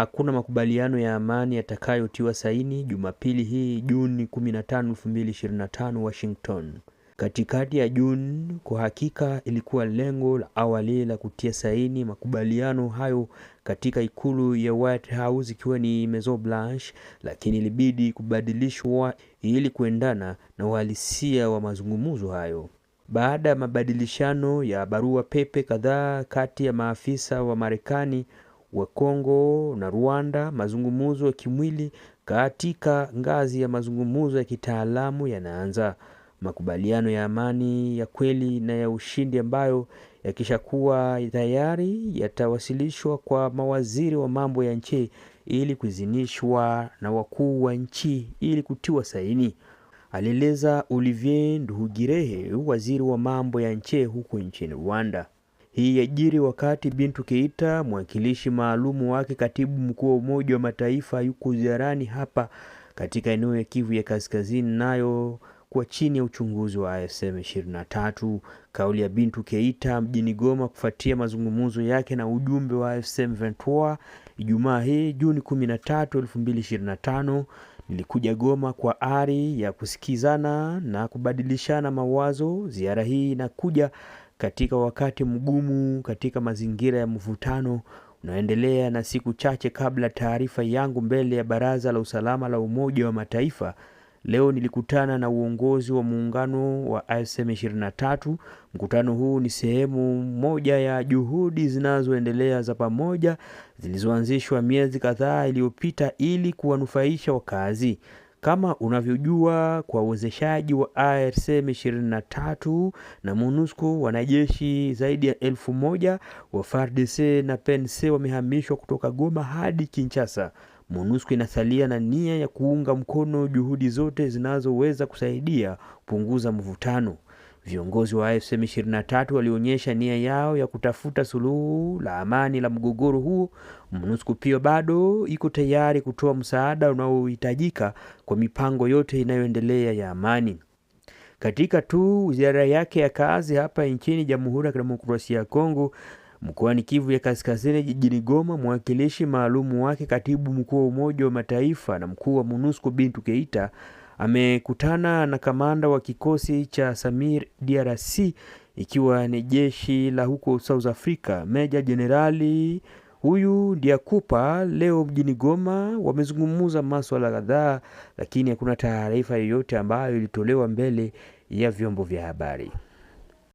hakuna makubaliano ya amani yatakayotiwa saini Jumapili hii Juni 15, 2025 Washington. Katikati ya Juni, kwa hakika ilikuwa lengo la awali la kutia saini makubaliano hayo katika ikulu ya White House ikiwa ni Maison Blanche, lakini ilibidi kubadilishwa ili kuendana na uhalisia wa mazungumzo hayo. Baada ya mabadilishano ya barua pepe kadhaa kati ya maafisa wa Marekani wa Kongo na Rwanda, mazungumzo ya kimwili katika ngazi ya mazungumzo ya kitaalamu yanaanza. Makubaliano ya amani ya kweli na ya ushindi ambayo yakishakuwa tayari yatawasilishwa kwa mawaziri wa mambo ya nchi ili kuidhinishwa na wakuu wa nchi ili kutiwa saini, alieleza Olivier Nduhugirehe, waziri wa mambo ya nchi huko nchini Rwanda. Hii yajiri wakati Bintu Keita, mwakilishi maalumu wake katibu mkuu wa Umoja wa Mataifa, yuko ziarani hapa katika eneo ya Kivu ya Kaskazini, nayo kwa chini ya uchunguzi wa AFM 23. Kauli ya Bintu Keita mjini Goma kufuatia mazungumzo yake na ujumbe wa AFM 23 Ijumaa hii Juni 13, 2025. Nilikuja Goma kwa ari ya kusikizana na kubadilishana mawazo. Ziara hii inakuja katika wakati mgumu, katika mazingira ya mvutano unaoendelea na siku chache kabla taarifa yangu mbele ya Baraza la Usalama la Umoja wa Mataifa, leo nilikutana na uongozi wa muungano wa ASEM23. Mkutano huu ni sehemu moja ya juhudi zinazoendelea za pamoja zilizoanzishwa miezi kadhaa iliyopita ili kuwanufaisha wakazi kama unavyojua kwa uwezeshaji wa ARC m 23 na MONUSCO, wanajeshi zaidi ya elfu moja wa FARDC na PNC wamehamishwa kutoka Goma hadi Kinshasa. MONUSCO inasalia na nia ya kuunga mkono juhudi zote zinazoweza kusaidia kupunguza mvutano. Viongozi wa AFC M23 walionyesha nia yao ya kutafuta suluhu la amani la mgogoro huo. MONUSCO pia bado iko tayari kutoa msaada unaohitajika kwa mipango yote inayoendelea ya amani. Katika tu ziara yake ya kazi hapa nchini Jamhuri ya Kidemokrasia ya Kongo mkoani Kivu ya Kaskazini, jijini Goma, mwakilishi maalumu wake katibu mkuu wa Umoja wa Mataifa na mkuu wa MONUSCO Bintu Keita amekutana na kamanda wa kikosi cha Samir DRC ikiwa ni jeshi la huko South Africa, Meja Jenerali huyu Diakupa leo mjini Goma. Wamezungumza masuala kadhaa, lakini hakuna taarifa yoyote ambayo ilitolewa mbele ya vyombo vya habari.